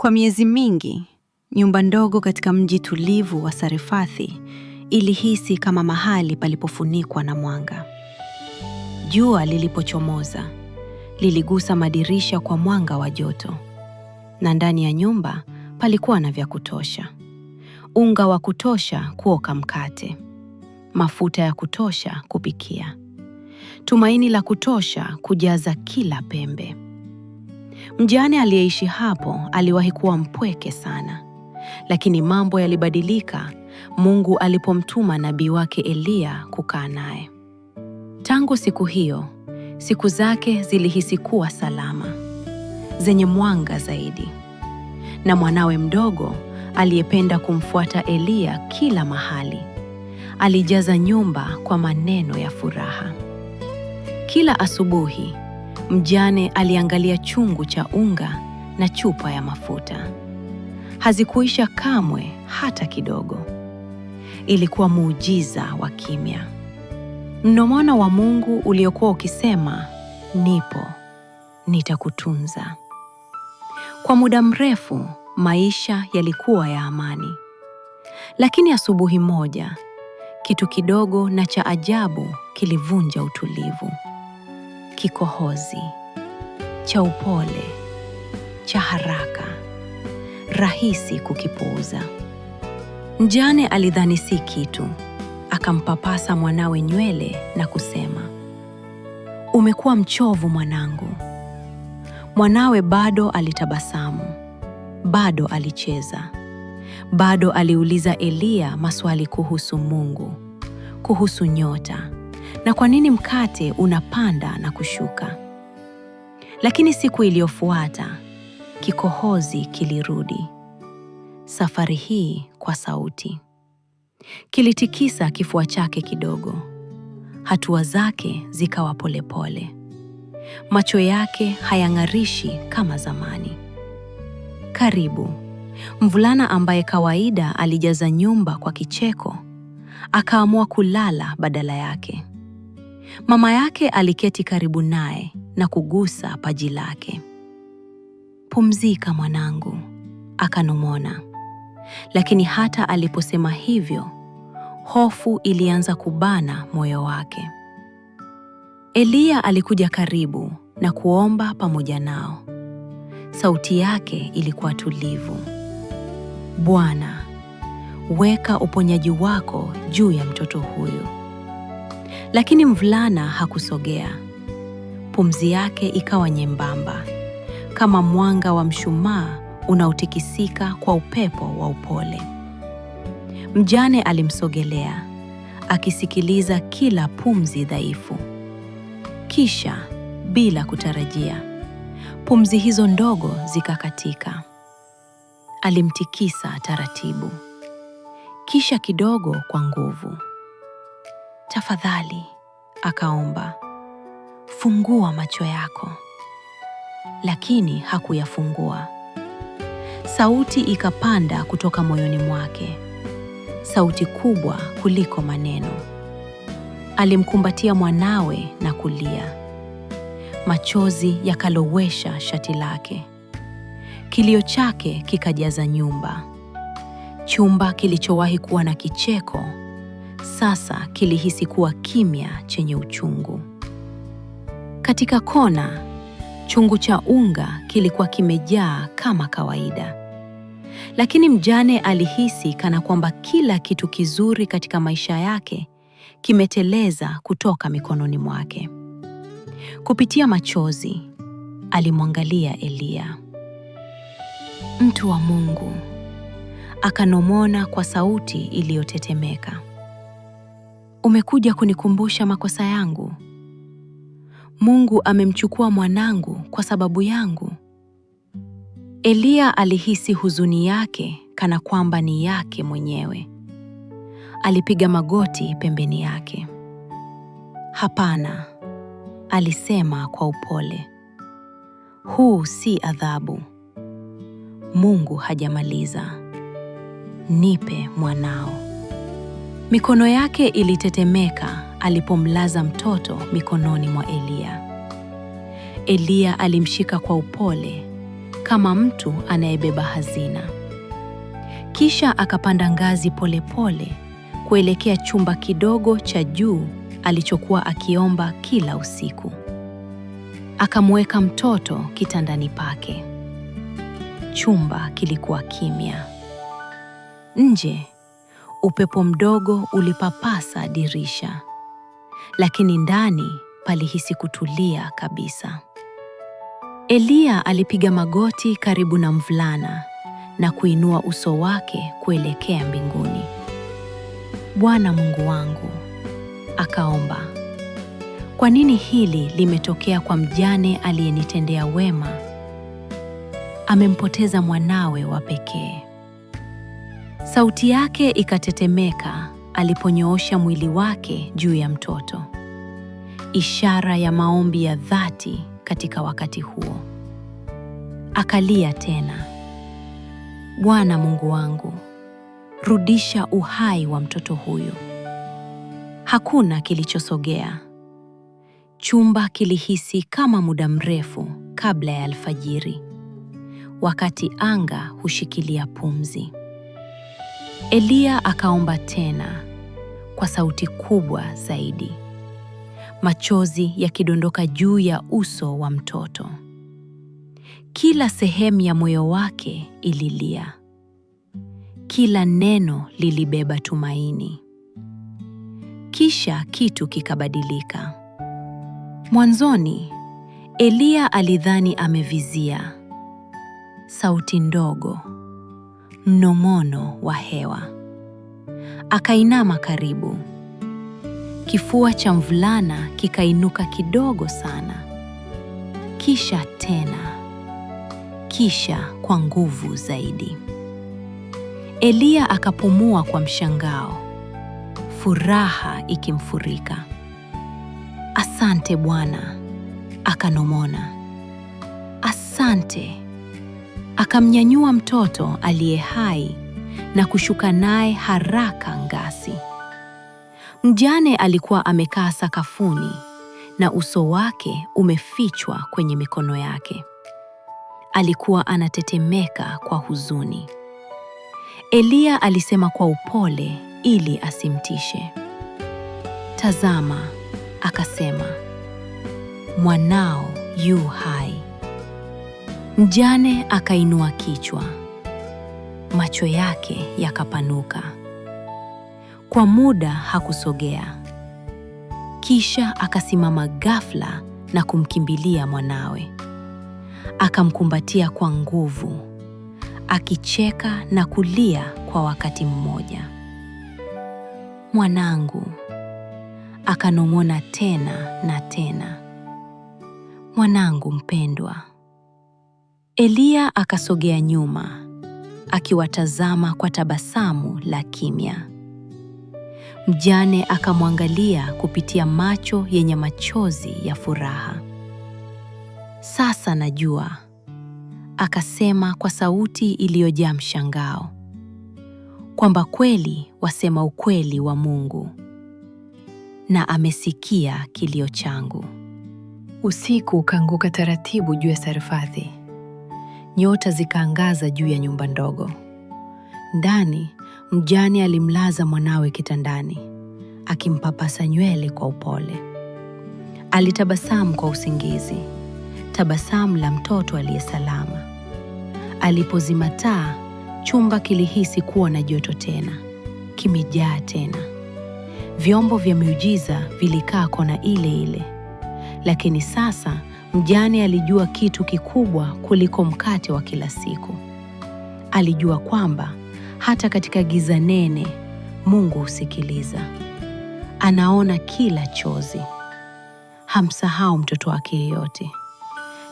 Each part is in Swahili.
Kwa miezi mingi, nyumba ndogo katika mji tulivu wa Sarefathi ilihisi kama mahali palipofunikwa na mwanga. Jua lilipochomoza, liligusa madirisha kwa mwanga wa joto. Na ndani ya nyumba palikuwa na vya kutosha. Unga wa kutosha kuoka mkate. Mafuta ya kutosha kupikia. Tumaini la kutosha kujaza kila pembe. Mjane aliyeishi hapo aliwahi kuwa mpweke sana, lakini mambo yalibadilika Mungu alipomtuma nabii wake Eliya kukaa naye. Tangu siku hiyo, siku zake zilihisi kuwa salama, zenye mwanga zaidi. Na mwanawe mdogo aliyependa kumfuata Eliya kila mahali, alijaza nyumba kwa maneno ya furaha. Kila asubuhi Mjane aliangalia chungu cha unga na chupa ya mafuta. Hazikuisha kamwe hata kidogo. Ilikuwa muujiza wa kimya, mnomano wa Mungu uliokuwa ukisema, nipo, nitakutunza. Kwa muda mrefu maisha yalikuwa ya amani, lakini asubuhi moja kitu kidogo na cha ajabu kilivunja utulivu kikohozi, cha upole, cha haraka, rahisi kukipuuza. Mjane alidhani si kitu, akampapasa mwanawe nywele na kusema, umekuwa mchovu mwanangu. Mwanawe bado alitabasamu, bado alicheza, bado aliuliza Eliya maswali kuhusu Mungu, kuhusu nyota na kwa nini mkate unapanda na kushuka. Lakini siku iliyofuata kikohozi kilirudi, safari hii kwa sauti. Kilitikisa kifua chake kidogo, hatua zake zikawa polepole, macho yake hayang'arishi kama zamani. Karibu mvulana ambaye kawaida alijaza nyumba kwa kicheko akaamua kulala badala yake. Mama yake aliketi karibu naye na kugusa paji lake. Pumzika mwanangu, akanong'ona. Lakini hata aliposema hivyo, hofu ilianza kubana moyo wake. Eliya alikuja karibu na kuomba pamoja nao. Sauti yake ilikuwa tulivu. Bwana, weka uponyaji wako juu ya mtoto huyu lakini mvulana hakusogea. Pumzi yake ikawa nyembamba kama mwanga wa mshumaa unaotikisika kwa upepo wa upole. Mjane alimsogelea akisikiliza kila pumzi dhaifu. Kisha bila kutarajia, pumzi hizo ndogo zikakatika. Alimtikisa taratibu, kisha kidogo kwa nguvu. Tafadhali, akaomba, fungua macho yako. Lakini hakuyafungua. Sauti ikapanda kutoka moyoni mwake, sauti kubwa kuliko maneno. Alimkumbatia mwanawe na kulia. Machozi yakalowesha shati lake. Kilio chake kikajaza nyumba, chumba kilichowahi kuwa na kicheko sasa kilihisi kuwa kimya chenye uchungu. Katika kona, chungu cha unga kilikuwa kimejaa kama kawaida, lakini mjane alihisi kana kwamba kila kitu kizuri katika maisha yake kimeteleza kutoka mikononi mwake. Kupitia machozi, alimwangalia Eliya. Mtu wa Mungu, akanomona kwa sauti iliyotetemeka. Umekuja kunikumbusha makosa yangu. Mungu amemchukua mwanangu kwa sababu yangu. Eliya alihisi huzuni yake kana kwamba ni yake mwenyewe. Alipiga magoti pembeni yake. Hapana, alisema kwa upole. Huu si adhabu. Mungu hajamaliza. Nipe mwanao. Mikono yake ilitetemeka alipomlaza mtoto mikononi mwa Eliya. Eliya alimshika kwa upole kama mtu anayebeba hazina. Kisha akapanda ngazi polepole pole kuelekea chumba kidogo cha juu alichokuwa akiomba kila usiku. Akamweka mtoto kitandani pake. Chumba kilikuwa kimya. Nje Upepo mdogo ulipapasa dirisha, lakini ndani palihisi kutulia kabisa. Eliya alipiga magoti karibu na mvulana na kuinua uso wake kuelekea mbinguni. Bwana Mungu wangu, akaomba, kwa nini hili limetokea kwa mjane aliyenitendea wema? Amempoteza mwanawe wa pekee. Sauti yake ikatetemeka aliponyoosha mwili wake juu ya mtoto, ishara ya maombi ya dhati katika wakati huo. Akalia tena, Bwana Mungu wangu, rudisha uhai wa mtoto huyu. Hakuna kilichosogea. Chumba kilihisi kama muda mrefu kabla ya alfajiri, wakati anga hushikilia pumzi. Eliya akaomba tena kwa sauti kubwa zaidi, machozi yakidondoka juu ya uso wa mtoto. Kila sehemu ya moyo wake ililia, kila neno lilibeba tumaini. Kisha kitu kikabadilika. Mwanzoni Eliya alidhani amevizia, sauti ndogo mnong'ono wa hewa. Akainama karibu, kifua cha mvulana kikainuka kidogo sana, kisha tena, kisha kwa nguvu zaidi. Eliya akapumua kwa mshangao, furaha ikimfurika. Asante Bwana, akanong'ona. Asante akamnyanyua mtoto aliye hai na kushuka naye haraka ngasi. Mjane alikuwa amekaa sakafuni na uso wake umefichwa kwenye mikono yake. Alikuwa anatetemeka kwa huzuni. Eliya alisema kwa upole ili asimtishe. Tazama, akasema, mwanao yu hai. Mjane akainua kichwa, macho yake yakapanuka. Kwa muda hakusogea, kisha akasimama ghafla na kumkimbilia mwanawe. Akamkumbatia kwa nguvu, akicheka na kulia kwa wakati mmoja. Mwanangu, akanong'ona tena na tena. Mwanangu mpendwa. Eliya akasogea nyuma akiwatazama kwa tabasamu la kimya. Mjane akamwangalia kupitia macho yenye machozi ya furaha. Sasa najua, akasema kwa sauti iliyojaa mshangao, kwamba kweli wasema ukweli wa Mungu na amesikia kilio changu. Usiku ukaanguka taratibu juu ya Sarfathi nyota zikaangaza juu ya nyumba ndogo. Ndani mjane alimlaza mwanawe kitandani, akimpapasa nywele kwa upole. Alitabasamu kwa usingizi, tabasamu la mtoto aliyesalama. Alipozima taa, chumba kilihisi kuwa na joto tena, kimejaa tena. Vyombo vya miujiza vilikaa kona ile ile, lakini sasa Mjane alijua kitu kikubwa kuliko mkate wa kila siku. Alijua kwamba hata katika giza nene, Mungu husikiliza. Anaona kila chozi. Hamsahau mtoto wake yeyote,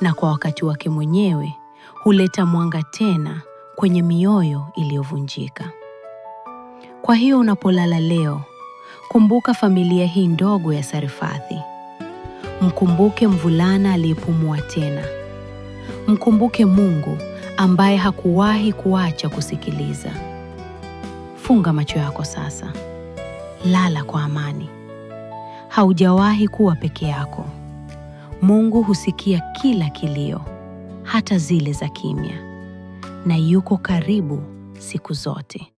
na kwa wakati wake mwenyewe huleta mwanga tena kwenye mioyo iliyovunjika. Kwa hiyo unapolala leo, kumbuka familia hii ndogo ya Sarifathi. Mkumbuke mvulana aliyepumua tena. Mkumbuke Mungu ambaye hakuwahi kuacha kusikiliza. Funga macho yako sasa, lala kwa amani. Haujawahi kuwa peke yako. Mungu husikia kila kilio, hata zile za kimya, na yuko karibu siku zote.